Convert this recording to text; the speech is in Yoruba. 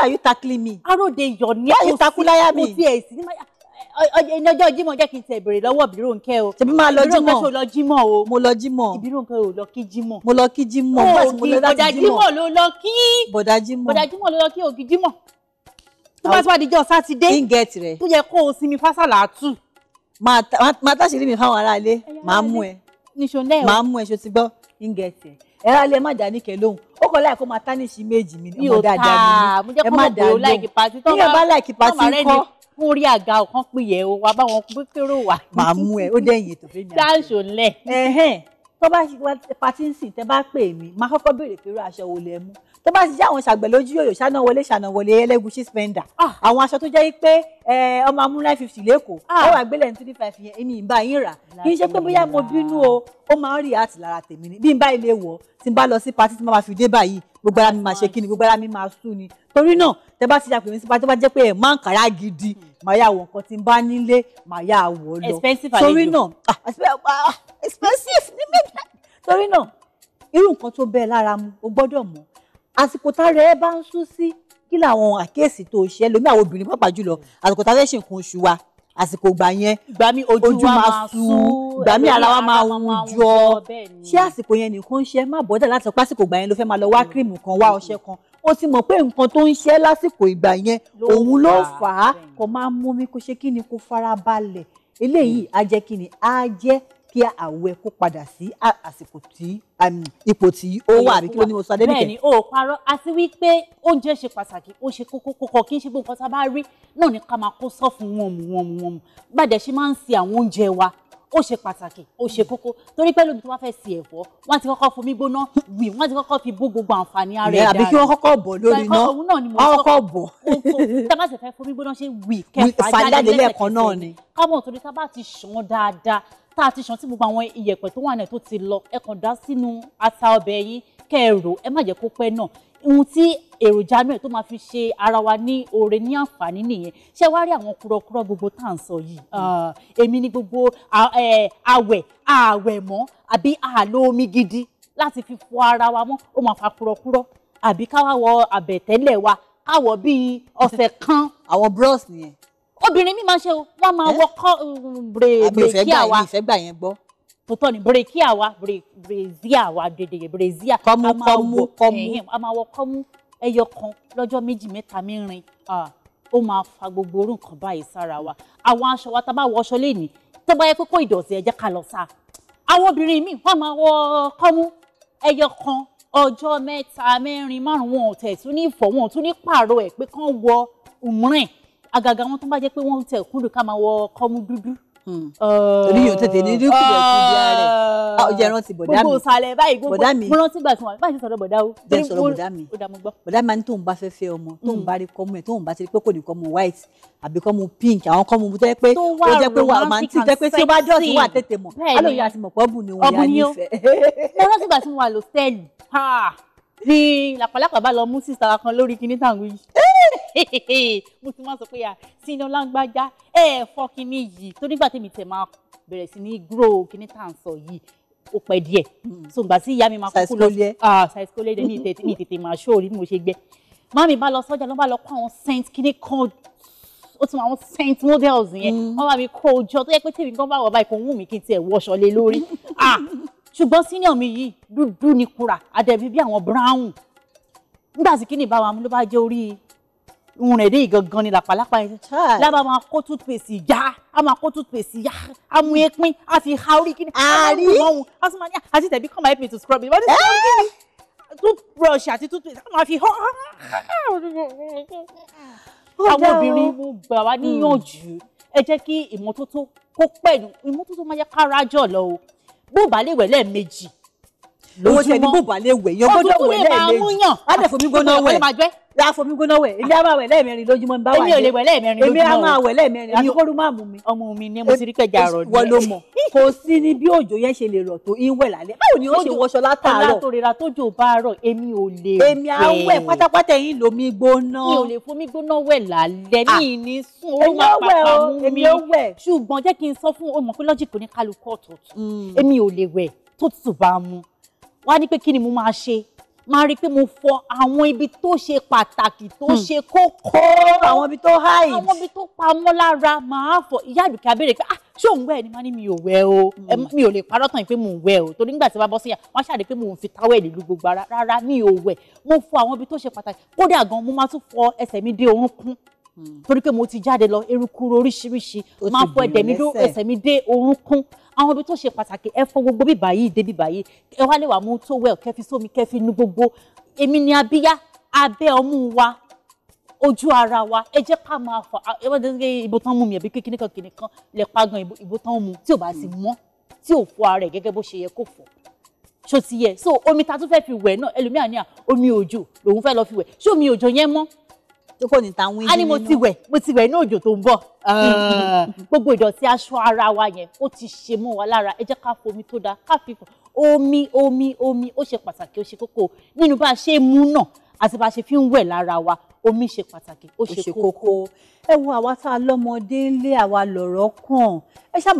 are you tackling me. aróde yọ ní kò sí kò sí ẹ̀ sí ní máa ẹni ọjọ́ jímọ̀ jẹ́ kí n tẹ̀ bèrè lọ́wọ́ Ìbírò ńkẹ́ o. ṣebí máa lọ jímọ̀ Ìbírò ńkẹ́ lọ jímọ̀ o. mo lọ jímọ̀. Ìbírò ńkẹ́ o lọ kí jímọ̀. mo lọ kí jímọ̀. òkì bọ̀dà jímọ̀ ló lọ kí. bọ̀dà jímọ̀ bọ̀dà jímọ̀ ló lọ kí òkì jímọ̀. tó bá tó bá dijọ́ sátidé. ń gẹ̀ẹ́tì rẹ̀. tó yẹ kó o sinmi fásálà àtù. máa táṣìírí mi fáwọn aráalé máa mú ẹ. níṣó náà máa mú ẹ ṣó ti gbọ́ ń gẹ̀ẹ́tì rẹ̀ ẹ rálẹ ẹ má dá níkẹ lóhùn ó kọ láì kó máa tánìṣì méjì mi ní ọmọ dáadáa mi ẹ má dá lóhùn bí ẹ bá láì kìpa sí kọ́ fún orí àga ọ̀kan pìyẹ̀ o wa báwọn kékeré wà. màá mú ẹ ó dẹ́yìn ètò fẹ́mi àti. dáńsò ńlẹ̀ tó bá pati ń sìn tẹ́ bá pè mí máa kọ́kọ́ béèrè pé irú aṣọ wo lẹ mú tó bá ti jẹ́ àwọn ṣàgbẹ̀ lójú yòyò ṣáná wọlé ṣáná wọlé ẹlẹ́gùsí spender ah. àwọn aṣọ tó jẹ́ pé ọmọ amú nine fifty lẹ́kọ̀ọ́ ó ah. wà gbélé ní three five yẹn èmi ìbá yín rà kì í ṣe pé bóyá mo bínú o ó máa ń rí àti lára tèmi ni bí n bá ilé wọ̀ tí n bá lọ sí patí tí mo máa fi dé báyìí gbogbo ara mi máa ṣe kí ni gbogbo ara mi máa sú ni torí náà tẹ bá ti ya pèmí sí patí tó bá jẹ́ pé ẹ̀ máa ń kàrá gidi màá yà wọ̀ nǹkan tí n bá nílé màá yà wọ̀ lọ torí náà ah, expensive ní torí náà irú nǹkan tó bẹ́ẹ̀ lára mu o gbọ́dọ̀ mọ̀ àsìkò tá rẹ̀ ẹ bá ń sún sí kí làwọn àkíyèsí tó ṣe lómi àwọn obìnrin pàápàá jùlọ àsìkò tá fẹ́ ṣe nǹkan oṣù wa àsìkò gbà yẹn gbà mí ojú máa sú gbà mí ara wa máa wù jọ ṣé àsìkò yẹn nìkan ṣe má bọ́dà láti sọ pásìkò gbà yẹn ló fẹ́ máa lọ wá kírìmù kan wá ọṣẹ kan ó ti mọ̀ pé nǹkan tó ń ṣe lásìkò ìgbà yẹn òun ló fà á kò máa mú mi kó ṣe kí ni kó fara eléyìí á jẹ́ kí ni á jẹ́ kí àwẹ̀ kó padà sí àsìkò tí ipò tí ó wà àbí kí ló ní mo sọ adébíkẹ́. bẹ́ẹ̀ni o parọ́ àti wípé oúnjẹ ṣe pàtàkì ó ṣe kókó kókó kí n ṣe gbogbo nǹkan tá a bá rí náà ní ká máa kó sọ́ọ̀fù wọn mú wọn mú wọn mú gbàdẹ ṣe máa ń ṣe àwọn oúnjẹ wa ó ṣe pàtàkì ó ṣe kókó torí pé lóbi tó bá fẹ́ sè ẹ̀fọ́ wọ́n ti kọ́kọ́ fomi gbóná wì wọ́n ti kọ́kọ́ fi bó gbogbo àǹfààní ara ẹ̀ dára àbí kí wọ́n kọ́kọ́ bọ̀ lórí iná wọ́n kọ́kọ́ bọ̀. tábà sì fẹ́ fomi gbóná ṣe wì kẹfà jáde lẹ́ẹ̀kan náà ni. kámọ̀ torí tábà ti ṣàn dáadáa tá a ti ṣàn tí gbogbo àwọn iyẹ̀pẹ̀ tó wà náà tó ti lọ ẹ kàn dá sínú ata ọbẹ̀ yín kẹ́ ẹ rò ẹ má jẹ́ kó pẹ́ náà ohun tí èròjà náà tó máa fi ṣe ara wa ní oore ní àǹfààní nìyẹn ṣé wàá rí àwọn kúrọkúrọ gbogbo tá à ń sọ yìí mm. ah, èmi ni gbogbo àwẹ̀ àwẹ̀ mọ́ àbí àlò omi gidi láti fi fọ ara wa mọ́ ó máa fa kúrọkúrọ àbí káwá wọ àbẹ̀tẹ́lẹ̀ wa káwọ́ bíi ọ̀sẹ̀ kan. àwọn bros nìyẹn obìnrin mi máa ń ṣe wọ́n máa wọ kọ́ um, ah, bèrèkí àwa ìfẹ́gbà yẹn gbọ́. tòótọ́ ni bèrèkí àwa bèrèzí àwa dèdè bèrèzí àwa kọ́mú kọ́mú kọ́mú a máa wọ kọ́mú ẹyọ kan lọ́jọ́ méjì mẹ́ta mẹ́rin ó máa fa gbogbo orú nǹkan báyìí sára wa àwọn aṣọ wa tá a bá wọ aṣọ lẹ́nìí tó bá yẹ pé kó ìdọ̀tí ẹ jẹ́ ká lọ sá àwọn obìnrin míì wọ́n máa wọ kọ́mú ẹyọ kan ọjọ́ mẹ́ta mẹ́rin márùn-ún wọn ò tẹ̀ tún ní ìfọ̀ wọn ò tún ní pààrọ̀ ẹ̀ pé kán wọ òmùrìn àgàgà wọn tó bá jẹ́ pé wọ́n tẹ̀ kúrò ká máa wọ kọ́mú dúdú. Hmm. torí yóò tètè ní dúkìá ìdí ààrẹ ọjà rántí bọ̀dá mi gbogbo ìsàlẹ̀ báyìí gbogbo mo rántí gbà tí wọn báyìí sọ̀rọ̀ bọ̀dá o. jẹ́ sọ̀rọ̀ bọ̀dá mi bọ̀dá mi tóun bá fẹ́ fẹ́ ọmọ tóun hmm. bá rí kọ́mú ẹ̀ tóun bá ti rí pé kò ní kọ́mú white àbí kọ́mú pink àwọn kọ́mú tó jẹ́ pé ó jẹ́ pé wà á máa ń tí jẹ́ pé tí ó bá dọ̀tí wà tètè mọ̀ alóye àti mọ̀pọ̀ bù ni òun yà nífẹ̀ẹ́. mo rántí gbà tí mo wà lọ sẹ́ẹ̀lì ní làpàlàpà bá lọ mú sísara kan lórí kinní tàwọn yìí. Eh! mo ti máa sọ pé à sínú lágbájá ẹ ẹ fọ́ kínní yìí tó nígbà tèmi tẹ̀ máa bẹ̀rẹ̀ sí ní grow kínní tá ń sọ yìí ó pẹ́ díẹ̀ so ìgbà tí ìyá mi máa kúkú lọ ṣàìsíkólé dẹ̀ ní ìtètè máa ṣó orí mo ṣe gbẹ mami bá lọ sọ́jà ló bá lọ kó àwọn scent kínní kan ó tún àwọn scent models yẹn mm. wọ́n bá mi kó o tó yẹ pé tèmi gan bá wọ báyìí kò wù mí kí n tiẹ̀ wọṣọ lé lórí ṣùgbọ́n senior mi yìí dúdú ni kura àdẹ̀bí bí àwọn brown nígbà tí kíni bá wa mú ló bá jẹ́ orí rìn dé gangan ni làpàlàpà yẹn lábàá máa kó toothpaste yá a máa kó toothpaste yá a mú ẹpin a fi ha orí kíni a rí ọ̀hún a sì máa ní àti help me to scrub it toothbrush àti toothpaste a máa fi hàn àwọn obìnrin mo gbà níyànjú ẹ jẹ́ kí ìmọ́tótó kó pẹ́ ìmọ́tótó máa yẹ kára jọ̀ lọ o bó bá lè wẹ̀ lẹ́ẹ̀mejì lójúmọ́ owó tẹ̀ ní bó bá lè wẹ̀ dáa fomi gbóná wẹ̀ èmi á máa wẹ̀ lẹ́ẹ̀mẹrin lójúmọ́ ní báwa yẹn èmi ò lè wẹ̀ lẹ́ẹ̀mẹrin lójúmọ́ èmi á máa wẹ̀ lẹ́ẹ̀mẹrin àtikọ́rú máa mú mi. ọmọ mi ni mo ti rí kẹjà rọ ní. wọ́n ló mọ̀ kò sí ni bí òjò yẹn ṣe lè rọ̀ tó ń wẹ̀ lálẹ́ báwo ni ó ṣe wọṣọ látàárọ̀. ọlá tó rira tó jò bá rọ̀ èmi ò lè wẹ̀. èmi á wẹ̀ pátápátá yín lomi gbóná. mi ò lè fomi gbóná wẹ̀ lálẹ́ mi ah. ì ní sùn ó máa pàpà mú mi ṣùgbọ́n jẹ́ kí n sọ fún ọmọ pé lọ́jìkì oníkálukú ọ̀tọ̀ọ̀tọ̀ mm. èmi ò lè wẹ̀ tó tù bá mu wá ní pé kí ni mo máa ṣe máa rí i pé mo fọ àwọn ibi tó ṣe pàtàkì tó hmm. ṣe kókó àwọn ibi tó hide àwọn ibi tó pamọ́ lára máa fọ ìyá àdùkẹ́ abẹ́rẹ́ pé ah ṣé òun wẹ̀ ni máa ní mi ò wẹ̀ o hmm. mi ò lè parọ́ tán pé mò ń wẹ̀ o torí nígbà tí wọ́n bá bọ́ sí yà wọ́n ṣàdé pé mò ń fi táwẹ̀lì lu gbogbo ara rárá mi ò wẹ̀ mo fọ àwọn ibi tó ṣe pàtàkì kódà gan mo máa tún fọ ẹsẹ̀ mi dé orúnkún hmm. torí pé mo ti jáde lọ erukuru oríṣiríṣi máa fọ ẹsẹ̀ mi dé orúnkún àwọn ibi tó ṣe pàtàkì ẹ fọ gbogbo bíbà yìí dé bíbà yìí ẹ wá lè wà mú tó wẹ̀ kẹfí sómi kẹfí nu gbogbo èmi ni abíyá abẹ́ ọmú wa ojú ara wa ẹ jẹ́ ká máa fọ ẹ wá dé ibo tán mú mi ẹ̀bí kékeré kan kìnìún kan lè pa gan ibo tán mú tí ò bá sì mọ́ tí ò fọ ara ẹ̀ gẹ́gẹ́ bó ṣe yẹ kó fọ ṣó yẹ so omi ta tún fẹ́ fi wẹ̀ náà ẹlòmíà ní à omi òjò lòun fẹ́ lọ fi wẹ̀ ṣé omi òjò yẹn mọ́ kò ní ta wíńdí nínú. a ní mo ti wẹ̀ mo ti wẹ̀ ní òjò tó ń bọ̀ eh, gbogbo ìdọ̀tí aṣọ ara wa yẹn ó ti ṣe mọ́ wa lára ẹ jẹ́ ká fomi tó dáa ká fi omi omi omi ó ṣe pàtàkì ó ṣe kókó nínú bá a ṣe é mú náà àti bá a ṣe fi ń wẹ̀ lára wa omi ṣe pàtàkì ó ṣe kókó. ẹ wo àwa tá a lọ́mọdé ńlé àwa lọ̀rọ̀ kàn ẹ ṣáà